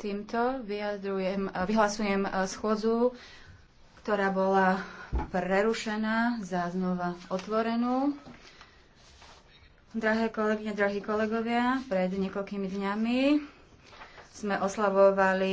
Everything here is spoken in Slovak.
Týmto vyjadrujem, vyhlasujem eh, schôdzu, ktorá bola prerušená za znova otvorenú. Drahé kolegyne, drahí kolegovia, pred niekoľkými dňami sme oslavovali